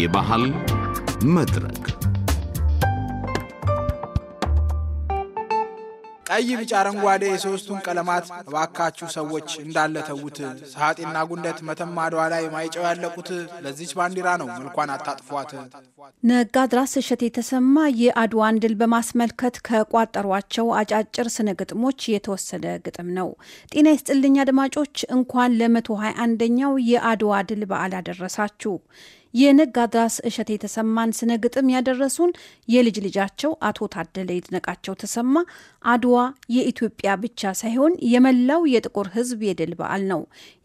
የባህል መድረክ ቀይ፣ ቢጫ፣ አረንጓዴ የሶስቱን ቀለማት እባካችሁ ሰዎች እንዳለ ተዉት። ሰሐጤና ጉንደት መተማ አድዋ ላይ ማይጨው ያለቁት ለዚች ባንዲራ ነው፣ መልኳን አታጥፏት። ነጋድራስ እሸት የተሰማ የአድዋን ድል በማስመልከት ከቋጠሯቸው አጫጭር ስነ ግጥሞች የተወሰደ ግጥም ነው። ጤና ይስጥልኝ አድማጮች፣ እንኳን ለመቶ ሃያ አንደኛው የአድዋ ድል በዓል አደረሳችሁ። የነጋ አድራስ እሸት የተሰማን ስነ ግጥም ያደረሱን የልጅ ልጃቸው አቶ ታደለ ይድነቃቸው ተሰማ አድዋ የኢትዮጵያ ብቻ ሳይሆን የመላው የጥቁር ሕዝብ የድል በዓል ነው።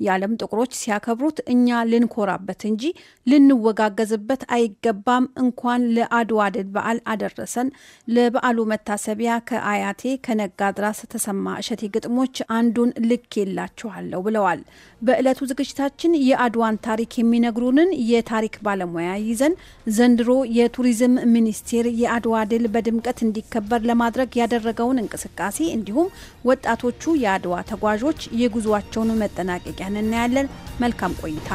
የዓለም ጥቁሮች ሲያከብሩት እኛ ልንኮራበት እንጂ ልንወጋገዝበት አይገባም። እንኳን ለአድዋ ድል በዓል አደረሰን። ለበዓሉ መታሰቢያ ከአያቴ ከነጋድራስ ተሰማ እሸቴ ግጥሞች አንዱን ልክ የላችኋለሁ ብለዋል። በዕለቱ ዝግጅታችን የአድዋን ታሪክ የሚነግሩንን የታሪክ ባለሙያ ይዘን ዘንድሮ የቱሪዝም ሚኒስቴር የአድዋ ድል በድምቀት እንዲከበር ለማድረግ ያደረገውን እንቅስቃሴ እንዲሁም ወጣቶቹ የአድዋ ተጓዦች የጉዟቸውን መጠናቀቂያን እናያለን። መልካም ቆይታ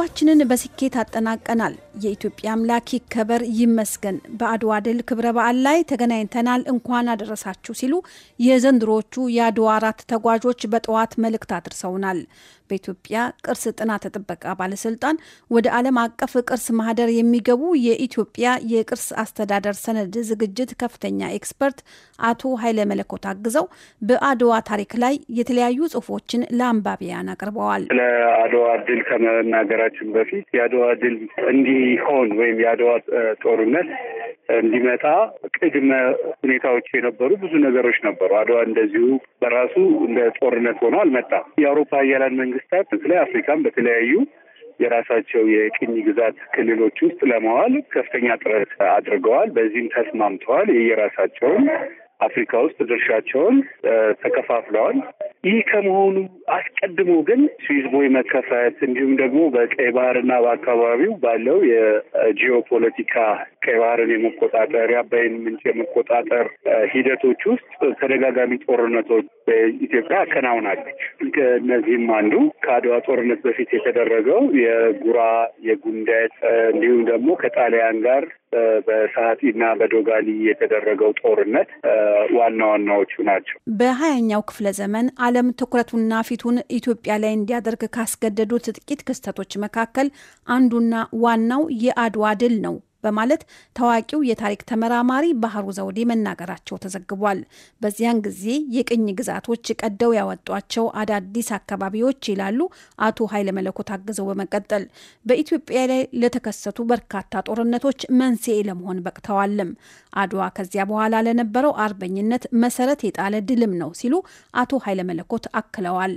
ጉዟችንን በስኬት አጠናቀናል። የኢትዮጵያ አምላክ ይከበር ይመስገን። በአድዋ ድል ክብረ በዓል ላይ ተገናኝተናል። እንኳን አደረሳችሁ ሲሉ የዘንድሮዎቹ የአድዋ አራት ተጓዦች በጠዋት መልእክት አድርሰውናል። በኢትዮጵያ ቅርስ ጥናት ጥበቃ ባለስልጣን ወደ ዓለም አቀፍ ቅርስ ማህደር የሚገቡ የኢትዮጵያ የቅርስ አስተዳደር ሰነድ ዝግጅት ከፍተኛ ኤክስፐርት አቶ ኃይለ መለኮት አግዘው በአድዋ ታሪክ ላይ የተለያዩ ጽሁፎችን ለአንባቢያን አቅርበዋል። ስለ አድዋ ድል ከመናገራ ከመሄዳችን በፊት የአድዋ ድል እንዲሆን ወይም የአድዋ ጦርነት እንዲመጣ ቅድመ ሁኔታዎች የነበሩ ብዙ ነገሮች ነበሩ። አድዋ እንደዚሁ በራሱ እንደ ጦርነት ሆኖ አልመጣም። የአውሮፓ አያላን መንግስታት በተለይ አፍሪካን በተለያዩ የራሳቸው የቅኝ ግዛት ክልሎች ውስጥ ለመዋል ከፍተኛ ጥረት አድርገዋል። በዚህም ተስማምተዋል። የየራሳቸውን አፍሪካ ውስጥ ድርሻቸውን ተከፋፍለዋል። ይህ ከመሆኑ አስቀድሞ ግን ስዊዝ ቦይ መከፈት እንዲሁም ደግሞ በቀይ ባህርና በአካባቢው ባለው የጂኦ ፖለቲካ ቀይ ባህርን የመቆጣጠር የአባይን ምንጭ የመቆጣጠር ሂደቶች ውስጥ ተደጋጋሚ ጦርነቶች በኢትዮጵያ አከናውናለች። ከእነዚህም አንዱ ከአድዋ ጦርነት በፊት የተደረገው የጉራ የጉንደት እንዲሁም ደግሞ ከጣሊያን ጋር በሰዓቲ እና በዶጋሊ የተደረገው ጦርነት ዋና ዋናዎቹ ናቸው። በሀያኛው ክፍለ ዘመን ዓለም ትኩረቱና ፊቱን ኢትዮጵያ ላይ እንዲያደርግ ካስገደዱት ጥቂት ክስተቶች መካከል አንዱና ዋናው የአድዋ ድል ነው። በማለት ታዋቂው የታሪክ ተመራማሪ ባህሩ ዘውዴ መናገራቸው ተዘግቧል። በዚያን ጊዜ የቅኝ ግዛቶች ቀደው ያወጧቸው አዳዲስ አካባቢዎች ይላሉ አቶ ኃይለ መለኮት አግዘው በመቀጠል በኢትዮጵያ ላይ ለተከሰቱ በርካታ ጦርነቶች መንስኤ ለመሆን በቅተዋልም። አድዋ ከዚያ በኋላ ለነበረው አርበኝነት መሰረት የጣለ ድልም ነው ሲሉ አቶ ኃይለ መለኮት አክለዋል።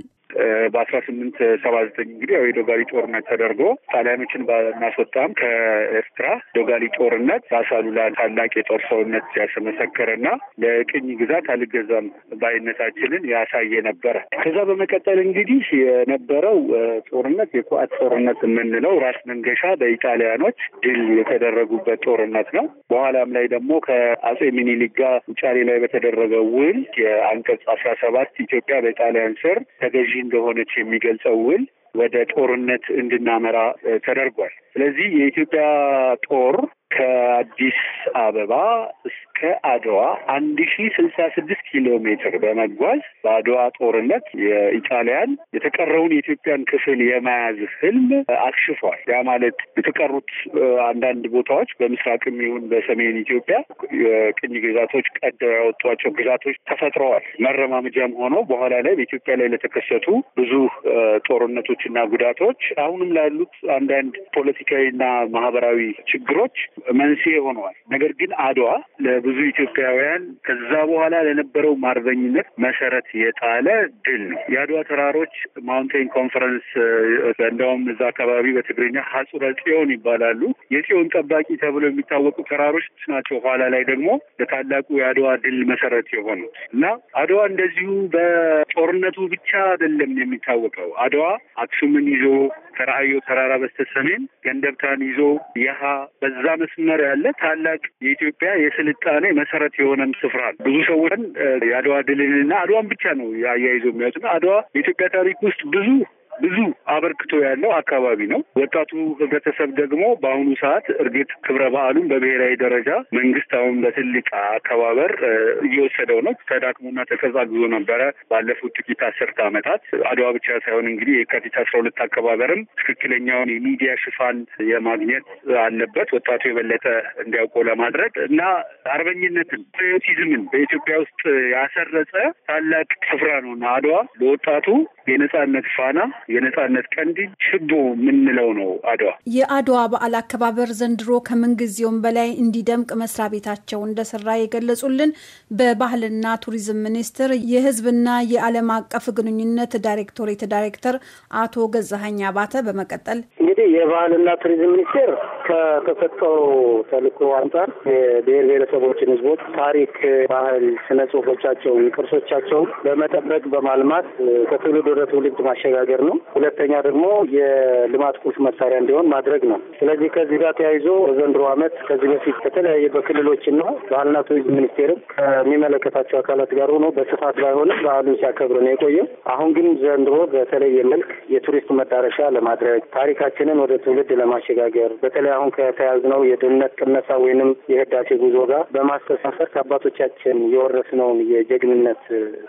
በአስራ ስምንት ሰባ ዘጠኝ እንግዲህ ያው የዶጋሊ ጦርነት ተደርጎ ጣሊያኖችን ባናስወጣም ከኤርትራ ዶጋሊ ጦርነት ራስ ታላቅ የጦር ሰውነት ያስመሰከረና ለቅኝ ግዛት አልገዛም ባይነታችንን ያሳየ ነበረ። ከዛ በመቀጠል እንግዲህ የነበረው ጦርነት የኩዋት ጦርነት የምንለው ራስ መንገሻ በኢጣሊያኖች ድል የተደረጉበት ጦርነት ነው። በኋላም ላይ ደግሞ ከአጼ ሚኒሊክ ጋር ውጫሌ ላይ በተደረገው ውል የአንቀጽ አስራ ሰባት ኢትዮጵያ በጣሊያን ስር ተገዢ እንደሆነች የሚገልጸው ውል ወደ ጦርነት እንድናመራ ተደርጓል። ስለዚህ የኢትዮጵያ ጦር ከአዲስ አበባ እስከ አድዋ አንድ ሺ ስልሳ ስድስት ኪሎ ሜትር በመጓዝ በአድዋ ጦርነት የኢጣሊያን የተቀረውን የኢትዮጵያን ክፍል የመያዝ ህልም አክሽፏል። ያ ማለት የተቀሩት አንዳንድ ቦታዎች በምስራቅም ይሁን በሰሜን ኢትዮጵያ የቅኝ ግዛቶች ቀደው ያወጧቸው ግዛቶች ተፈጥረዋል። መረማመጃም ሆኖ በኋላ ላይ በኢትዮጵያ ላይ ለተከሰቱ ብዙ ጦርነቶችና ጉዳቶች አሁንም ላሉት አንዳንድ ፖለቲ ፖለቲካዊና ማህበራዊ ችግሮች መንስኤ ሆነዋል። ነገር ግን አድዋ ለብዙ ኢትዮጵያውያን ከዛ በኋላ ለነበረው ማርበኝነት መሰረት የጣለ ድል ነው። የአድዋ ተራሮች ማውንቴን ኮንፈረንስ እንደውም እዛ አካባቢ በትግርኛ ሀጹረ ጽዮን ይባላሉ። የጽዮን ጠባቂ ተብሎ የሚታወቁ ተራሮች ናቸው። ኋላ ላይ ደግሞ ለታላቁ የአድዋ ድል መሰረት የሆኑት እና አድዋ እንደዚሁ በጦርነቱ ብቻ አይደለም የሚታወቀው። አድዋ አክሱምን ይዞ ከራእዮ ተራራ በስተሰሜን ገንደብታን ይዞ ያሀ በዛ መስመር ያለ ታላቅ የኢትዮጵያ የስልጣኔ መሰረት የሆነም ስፍራ ነው። ብዙ ሰዎችን የአድዋ ድልንና አድዋን ብቻ ነው አያይዞ የሚያዙ አድዋ የኢትዮጵያ ታሪክ ውስጥ ብዙ ብዙ አበርክቶ ያለው አካባቢ ነው። ወጣቱ ህብረተሰብ ደግሞ በአሁኑ ሰዓት እርግጥ ክብረ በዓሉን በብሔራዊ ደረጃ መንግስት አሁን በትልቅ አከባበር እየወሰደው ነው። ተዳክሞና ተቀዛቅዞ ነበረ ባለፉት ጥቂት አስርት ዓመታት። አድዋ ብቻ ሳይሆን እንግዲህ የካቲት አስራ ሁለት አከባበርም ትክክለኛውን የሚዲያ ሽፋን የማግኘት አለበት ወጣቱ የበለጠ እንዲያውቀው ለማድረግ እና አርበኝነትን ፓትሪዮቲዝምን በኢትዮጵያ ውስጥ ያሰረጸ ታላቅ ስፍራ ነው እና አድዋ ለወጣቱ የነጻነት ፋና የነጻነት ቀንዲል ሽቦ የምንለው ነው። አድዋ የአድዋ በዓል አከባበር ዘንድሮ ከምንጊዜውም በላይ እንዲደምቅ መስሪያ ቤታቸው እንደሰራ የገለጹልን በባህልና ቱሪዝም ሚኒስቴር የህዝብና የዓለም አቀፍ ግንኙነት ዳይሬክቶሬት ዳይሬክተር አቶ ገዛሀኝ አባተ በመቀጠል እንግዲህ የባህልና ቱሪዝም ሚኒስቴር ከተሰጠው ተልእኮ አንጻር የብሔር ብሔረሰቦችን ህዝቦች ታሪክ፣ ባህል፣ ስነ ጽሁፎቻቸውን፣ ቅርሶቻቸውን በመጠበቅ በማልማት ከትውልድ ወደ ትውልድ ማሸጋገር ነው። ነው። ሁለተኛ ደግሞ የልማት ቁስ መሳሪያ እንዲሆን ማድረግ ነው። ስለዚህ ከዚህ ጋር ተያይዞ በዘንድሮ ዓመት ከዚህ በፊት በተለያየ በክልሎችና ባህልና ቱሪዝም ሚኒስቴርም ከሚመለከታቸው አካላት ጋር ሆኖ በስፋት ባይሆንም በዓሉን ሲያከብር ነው የቆየው። አሁን ግን ዘንድሮ በተለየ መልክ የቱሪስት መዳረሻ ለማድረግ ታሪካችንን ወደ ትውልድ ለማሸጋገር በተለይ አሁን ከተያዝነው የድህነት ቅነሳ ወይንም የህዳሴ ጉዞ ጋር በማስተሳሰር ከአባቶቻችን የወረስነውን የጀግንነት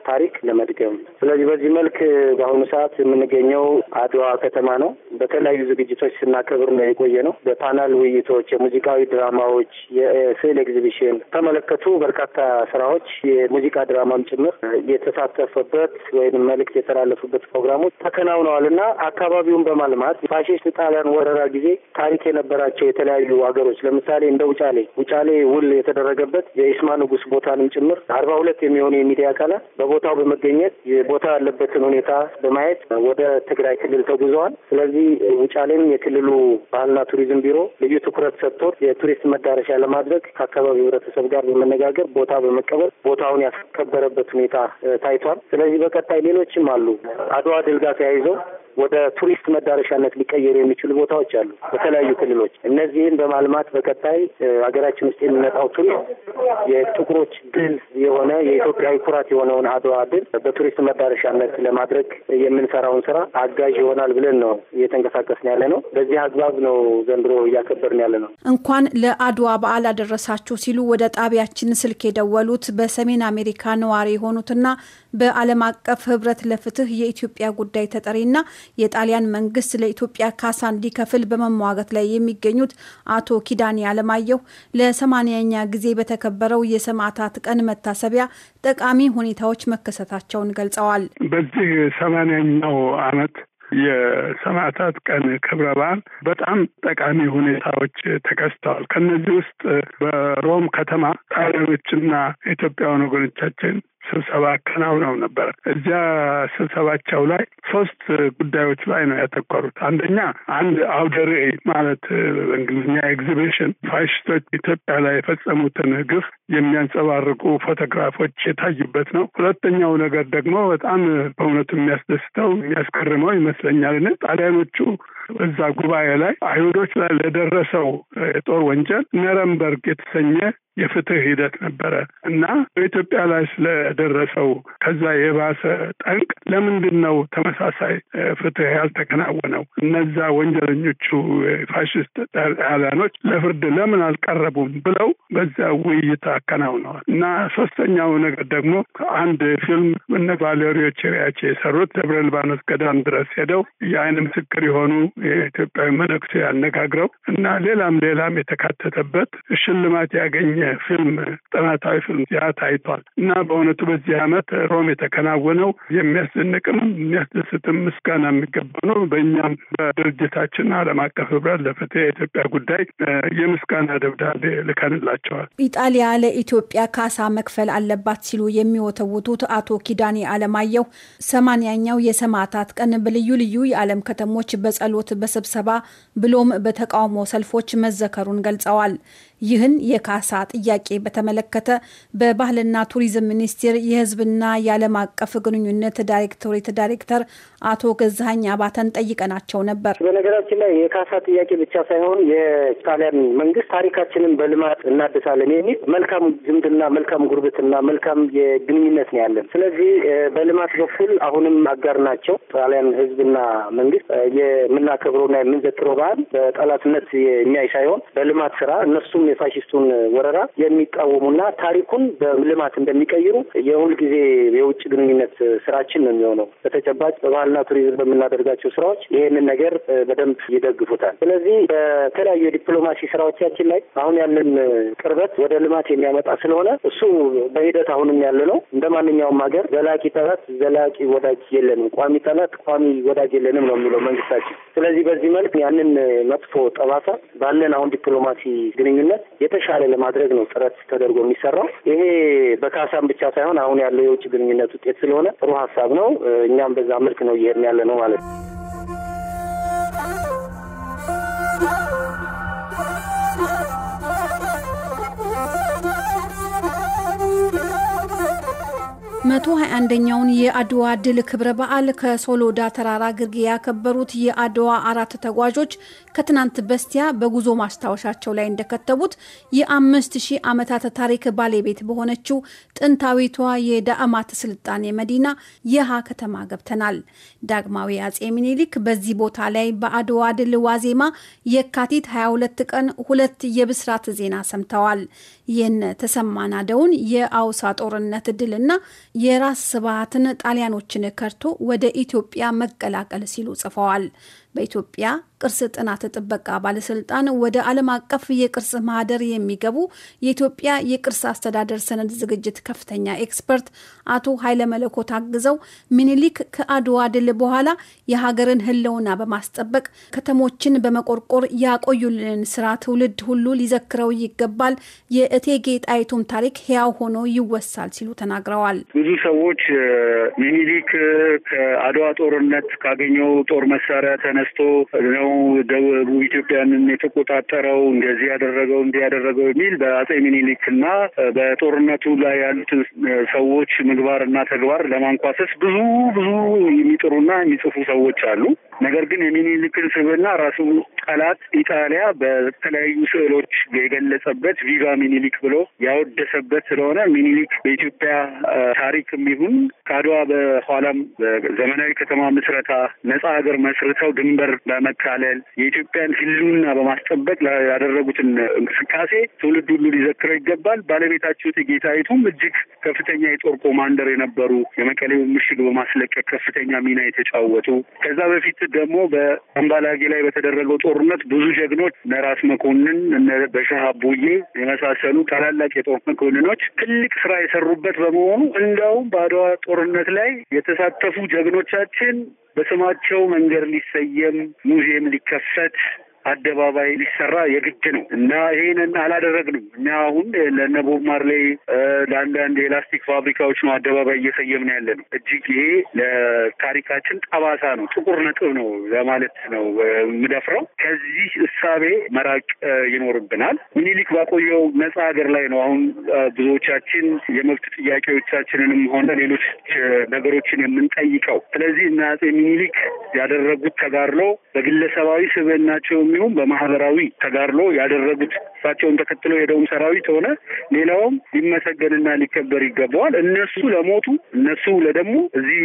ታሪክ ለመድገም ስለዚህ በዚህ መልክ በአሁኑ ሰዓት የምንገኘው የሚገኘው አድዋ ከተማ ነው። በተለያዩ ዝግጅቶች ስናከብር ነው የቆየ ነው። በፓናል ውይይቶች፣ የሙዚቃዊ ድራማዎች፣ የስዕል ኤግዚቢሽን ተመለከቱ በርካታ ስራዎች የሙዚቃ ድራማም ጭምር የተሳተፈበት ወይም መልእክት የተላለፉበት ፕሮግራሞች ተከናውነዋል እና አካባቢውን በማልማት ፋሽስት ጣሊያን ወረራ ጊዜ ታሪክ የነበራቸው የተለያዩ ሀገሮች ለምሳሌ እንደ ውጫሌ ውጫሌ ውል የተደረገበት የኢስማ ንጉስ ቦታንም ጭምር አርባ ሁለት የሚሆኑ የሚዲያ አካላት በቦታው በመገኘት የቦታ ያለበትን ሁኔታ በማየት ወደ ትግራይ ክልል ተጉዘዋል። ስለዚህ ውጫሌም የክልሉ ባህልና ቱሪዝም ቢሮ ልዩ ትኩረት ሰጥቶት የቱሪስት መዳረሻ ለማድረግ ከአካባቢው ህብረተሰብ ጋር በመነጋገር ቦታ በመቀበል ቦታውን ያስከበረበት ሁኔታ ታይቷል። ስለዚህ በቀጣይ ሌሎችም አሉ። አድዋ ድል ጋር ተያይዘው ወደ ቱሪስት መዳረሻነት ሊቀየሩ የሚችሉ ቦታዎች አሉ በተለያዩ ክልሎች። እነዚህን በማልማት በቀጣይ ሀገራችን ውስጥ የሚመጣው ቱሪስት የጥቁሮች ድል የሆነ የኢትዮጵያዊ ኩራት የሆነውን አድዋ ድል በቱሪስት መዳረሻነት ለማድረግ የምንሰራውን ስራ አጋዥ ይሆናል ብለን ነው እየተንቀሳቀስን ያለ ነው። በዚህ አግባብ ነው ዘንድሮ እያከበርን ያለ ነው። እንኳን ለአድዋ በዓል አደረሳችሁ ሲሉ ወደ ጣቢያችን ስልክ የደወሉት በሰሜን አሜሪካ ነዋሪ የሆኑትና በዓለም አቀፍ ህብረት ለፍትህ የኢትዮጵያ ጉዳይ ተጠሪና የጣሊያን መንግስት ለኢትዮጵያ ካሳ እንዲከፍል በመሟገት ላይ የሚገኙት አቶ ኪዳኔ አለማየሁ ለሰማንያኛ ጊዜ በተከበረው የሰማዕታት ቀን መታሰቢያ ጠቃሚ ሁኔታዎች መከሰታቸውን ገልጸዋል። በዚህ ሰማንያኛው ዓመት የሰማዕታት ቀን ክብረ በዓል በጣም ጠቃሚ ሁኔታዎች ተከስተዋል። ከነዚህ ውስጥ በሮም ከተማ ጣሊያኖችና ኢትዮጵያውያን ወገኖቻችን ስብሰባ አከናውነው ነበር። እዚያ ስብሰባቸው ላይ ሶስት ጉዳዮች ላይ ነው ያተኮሩት። አንደኛ አንድ አውደ ርዕይ ማለት በእንግሊዝኛ ኤግዚቢሽን ፋሽስቶች ኢትዮጵያ ላይ የፈጸሙትን ግፍ የሚያንጸባርቁ ፎቶግራፎች የታዩበት ነው። ሁለተኛው ነገር ደግሞ በጣም በእውነቱ የሚያስደስተው የሚያስገርመው ይመስለኛል ጣሊያኖቹ እዛ ጉባኤ ላይ አይሁዶች ላይ ለደረሰው የጦር ወንጀል ነረምበርግ የተሰኘ የፍትህ ሂደት ነበረ እና በኢትዮጵያ ላይ ስለደረሰው ከዛ የባሰ ጠንቅ ለምንድን ነው ተመሳሳይ ፍትህ ያልተከናወነው? እነዛ ወንጀለኞቹ ፋሽስት ጣሊያኖች ለፍርድ ለምን አልቀረቡም ብለው በዛ ውይይት አከናውነዋል። እና ሶስተኛው ነገር ደግሞ አንድ ፊልም እነ ቫሌሪዮ ቸሪያቸው የሰሩት ደብረ ሊባኖስ ገዳም ድረስ ሄደው የአይን ምስክር የሆኑ የኢትዮጵያዊ መልእክቱ ያነጋግረው እና ሌላም ሌላም የተካተተበት ሽልማት ያገኘ ፊልም ጥናታዊ ፊልም ያ ታይቷል እና በእውነቱ በዚህ ዓመት ሮም የተከናወነው የሚያስደንቅም የሚያስደስትም ምስጋና የሚገባ ነው። በእኛም በድርጅታችን ዓለም አቀፍ ህብረት ለፍትህ የኢትዮጵያ ጉዳይ የምስጋና ደብዳቤ ልከንላቸዋል። ኢጣሊያ ለኢትዮጵያ ካሳ መክፈል አለባት ሲሉ የሚወተውቱት አቶ ኪዳኔ አለማየሁ ሰማንያኛው የሰማዕታት ቀን በልዩ ልዩ የዓለም ከተሞች በጸሎት በስብሰባ ብሎም በተቃውሞ ሰልፎች መዘከሩን ገልጸዋል። ይህን የካሳ ጥያቄ በተመለከተ በባህልና ቱሪዝም ሚኒስቴር የህዝብና የዓለም አቀፍ ግንኙነት ዳይሬክቶሬት ዳይሬክተር አቶ ገዛሀኝ አባተን ጠይቀናቸው ነበር። በነገራችን ላይ የካሳ ጥያቄ ብቻ ሳይሆን የጣሊያን መንግስት ታሪካችንን በልማት እናድሳለን የሚል መልካም ዝምድና፣ መልካም ጉርብትና፣ መልካም የግንኙነት ነው ያለን። ስለዚህ በልማት በኩል አሁንም አጋር ናቸው። ጣሊያን ህዝብና መንግስት የምናከብረውና የምንዘክረው በዓል በጠላትነት የሚያይ ሳይሆን በልማት ስራ እነሱም ሁሉም የፋሽስቱን ወረራ የሚቃወሙና ታሪኩን በልማት እንደሚቀይሩ የሁልጊዜ የውጭ ግንኙነት ስራችን ነው የሚሆነው። በተጨባጭ በባህልና ቱሪዝም በምናደርጋቸው ስራዎች ይህንን ነገር በደንብ ይደግፉታል። ስለዚህ በተለያዩ የዲፕሎማሲ ስራዎቻችን ላይ አሁን ያለን ቅርበት ወደ ልማት የሚያመጣ ስለሆነ እሱ በሂደት አሁንም ያለ ነው። እንደ ማንኛውም ሀገር ዘላቂ ጠላት፣ ዘላቂ ወዳጅ የለንም፣ ቋሚ ጠላት፣ ቋሚ ወዳጅ የለንም ነው የሚለው መንግስታችን። ስለዚህ በዚህ መልክ ያንን መጥፎ ጠባሳ ባለን አሁን ዲፕሎማሲ ግንኙነት ሂደት የተሻለ ለማድረግ ነው ጥረት ተደርጎ የሚሰራው። ይሄ በካሳም ብቻ ሳይሆን አሁን ያለው የውጭ ግንኙነት ውጤት ስለሆነ ጥሩ ሀሳብ ነው። እኛም በዛ መልክ ነው እየሄድን ያለ ነው ማለት ነው። 121ኛውን የአድዋ ድል ክብረ በዓል ከሶሎዳ ተራራ ግርጌ ያከበሩት የአድዋ አራት ተጓዦች ከትናንት በስቲያ በጉዞ ማስታወሻቸው ላይ እንደከተቡት የአምስት ሺህ ዓመታት ታሪክ ባለቤት በሆነችው ጥንታዊቷ የዳዕማት ስልጣኔ መዲና የሃ ከተማ ገብተናል። ዳግማዊ አጼ ሚኒሊክ በዚህ ቦታ ላይ በአድዋ ድል ዋዜማ የካቲት 22 ቀን ሁለት የብስራት ዜና ሰምተዋል። ይህን ተሰማናደውን የአውሳ ጦርነት ድልና የራስ ስብሃትን ጣሊያኖችን ከርቶ ወደ ኢትዮጵያ መቀላቀል ሲሉ ጽፈዋል። በኢትዮጵያ ቅርስ ጥናት ጥበቃ ባለስልጣን ወደ ዓለም አቀፍ የቅርስ ማህደር የሚገቡ የኢትዮጵያ የቅርስ አስተዳደር ሰነድ ዝግጅት ከፍተኛ ኤክስፐርት አቶ ኃይለ መለኮ ታግዘው ሚኒሊክ ከአድዋ ድል በኋላ የሀገርን ህልውና በማስጠበቅ ከተሞችን በመቆርቆር ያቆዩልን ስራ ትውልድ ሁሉ ሊዘክረው ይገባል፣ የእቴጌ ጣይቱም ታሪክ ሕያው ሆኖ ይወሳል ሲሉ ተናግረዋል። ብዙ ሰዎች ሚኒሊክ ከአድዋ ጦርነት ካገኘው ጦር መሳሪያ ተነ ተነስቶ ነው ደቡብ ኢትዮጵያንን የተቆጣጠረው እንደዚህ ያደረገው እንዲህ ያደረገው የሚል በአጼ ሚኒሊክ እና በጦርነቱ ላይ ያሉትን ሰዎች ምግባር እና ተግባር ለማንኳሰስ ብዙ ብዙ የሚጥሩና የሚጽፉ ሰዎች አሉ። ነገር ግን የሚኒሊክን ስብና ራሱ ጠላት ኢጣሊያ በተለያዩ ስዕሎች የገለጸበት ቪቫ ሚኒሊክ ብሎ ያወደሰበት ስለሆነ ሚኒሊክ በኢትዮጵያ ታሪክም ይሁን ከአድዋ በኋላም ዘመናዊ ከተማ ምስረታ ነጻ ሀገር መስርተው ድም ድንበር በመካለል የኢትዮጵያን ህልውና በማስጠበቅ ያደረጉትን እንቅስቃሴ ትውልድ ሁሉ ሊዘክረው ይገባል። ባለቤታቸው እቴጌ ጣይቱም እጅግ ከፍተኛ የጦር ኮማንደር የነበሩ የመቀሌውን ምሽግ በማስለቀቅ ከፍተኛ ሚና የተጫወቱ ከዛ በፊት ደግሞ በአምባላጌ ላይ በተደረገው ጦርነት ብዙ ጀግኖች እነ ራስ መኮንን እነ በሻህ የመሳሰሉ ታላላቅ የጦር መኮንኖች ትልቅ ስራ የሰሩበት በመሆኑ እንደውም በአድዋ ጦርነት ላይ የተሳተፉ ጀግኖቻችን በስማቸው መንገድ ሊሰየም ሙዚየም ሊከፈት አደባባይ ሊሰራ የግድ ነው እና ይህንን አላደረግንም። እኛ አሁን ለነ ቦብ ማርሌ ለአንዳንድ የላስቲክ ፋብሪካዎች ነው አደባባይ እየሰየምን ያለ ነው። እጅግ ይሄ ለታሪካችን ጠባሳ ነው፣ ጥቁር ነጥብ ነው ለማለት ነው የምደፍረው። ከዚህ እሳቤ መራቅ ይኖርብናል። ምኒልክ ባቆየው ነጻ ሀገር ላይ ነው አሁን ብዙዎቻችን የመብት ጥያቄዎቻችንንም ሆነ ሌሎች ነገሮችን የምንጠይቀው። ስለዚህ እና አፄ ምኒልክ ያደረጉት ተጋድሎ በግለሰባዊ ስብዕናቸው በኢኮኖሚውም በማህበራዊ ተጋድሎ ያደረጉት እሳቸውን ተከትለው የሄደውም ሰራዊት ሆነ ሌላውም ሊመሰገንና ሊከበር ይገባዋል። እነሱ ለሞቱ እነሱ ለደግሞ እዚህ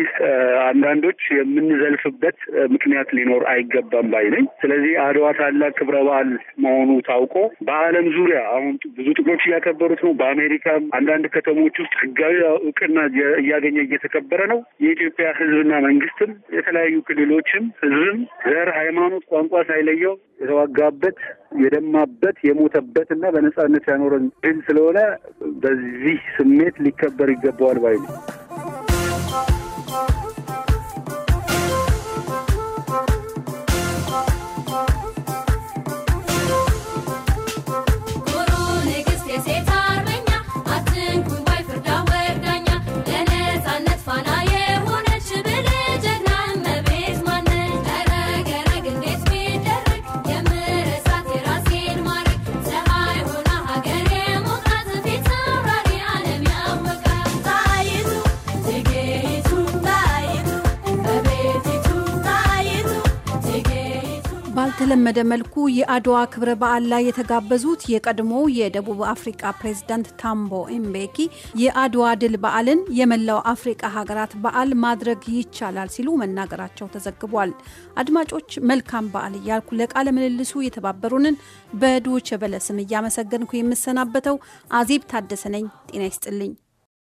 አንዳንዶች የምንዘልፍበት ምክንያት ሊኖር አይገባም ባይ ነኝ። ስለዚህ አድዋ ታላቅ ክብረ በዓል መሆኑ ታውቆ በዓለም ዙሪያ አሁን ብዙ ጥቁሮች እያከበሩት ነው። በአሜሪካም አንዳንድ ከተሞች ውስጥ ህጋዊ እውቅና እያገኘ እየተከበረ ነው። የኢትዮጵያ ህዝብና መንግስትም የተለያዩ ክልሎችም ህዝብም ዘር፣ ሃይማኖት፣ ቋንቋ ሳይለየው የተዋጋበት የደማበት የሞተበት እና በነጻነት ያኖረን ድል ስለሆነ በዚህ ስሜት ሊከበር ይገባዋል ባይ ነው። በተለመደ መልኩ የአድዋ ክብረ በዓል ላይ የተጋበዙት የቀድሞ የደቡብ አፍሪካ ፕሬዝዳንት ታምቦ ኤምቤኪ የአድዋ ድል በዓልን የመላው አፍሪቃ ሀገራት በዓል ማድረግ ይቻላል ሲሉ መናገራቸው ተዘግቧል። አድማጮች መልካም በዓል እያልኩ ለቃለ ምልልሱ የተባበሩንን በዶቸ በለ ስም እያመሰገንኩ የምሰናበተው አዜብ ታደሰ ነኝ። ጤና ይስጥልኝ።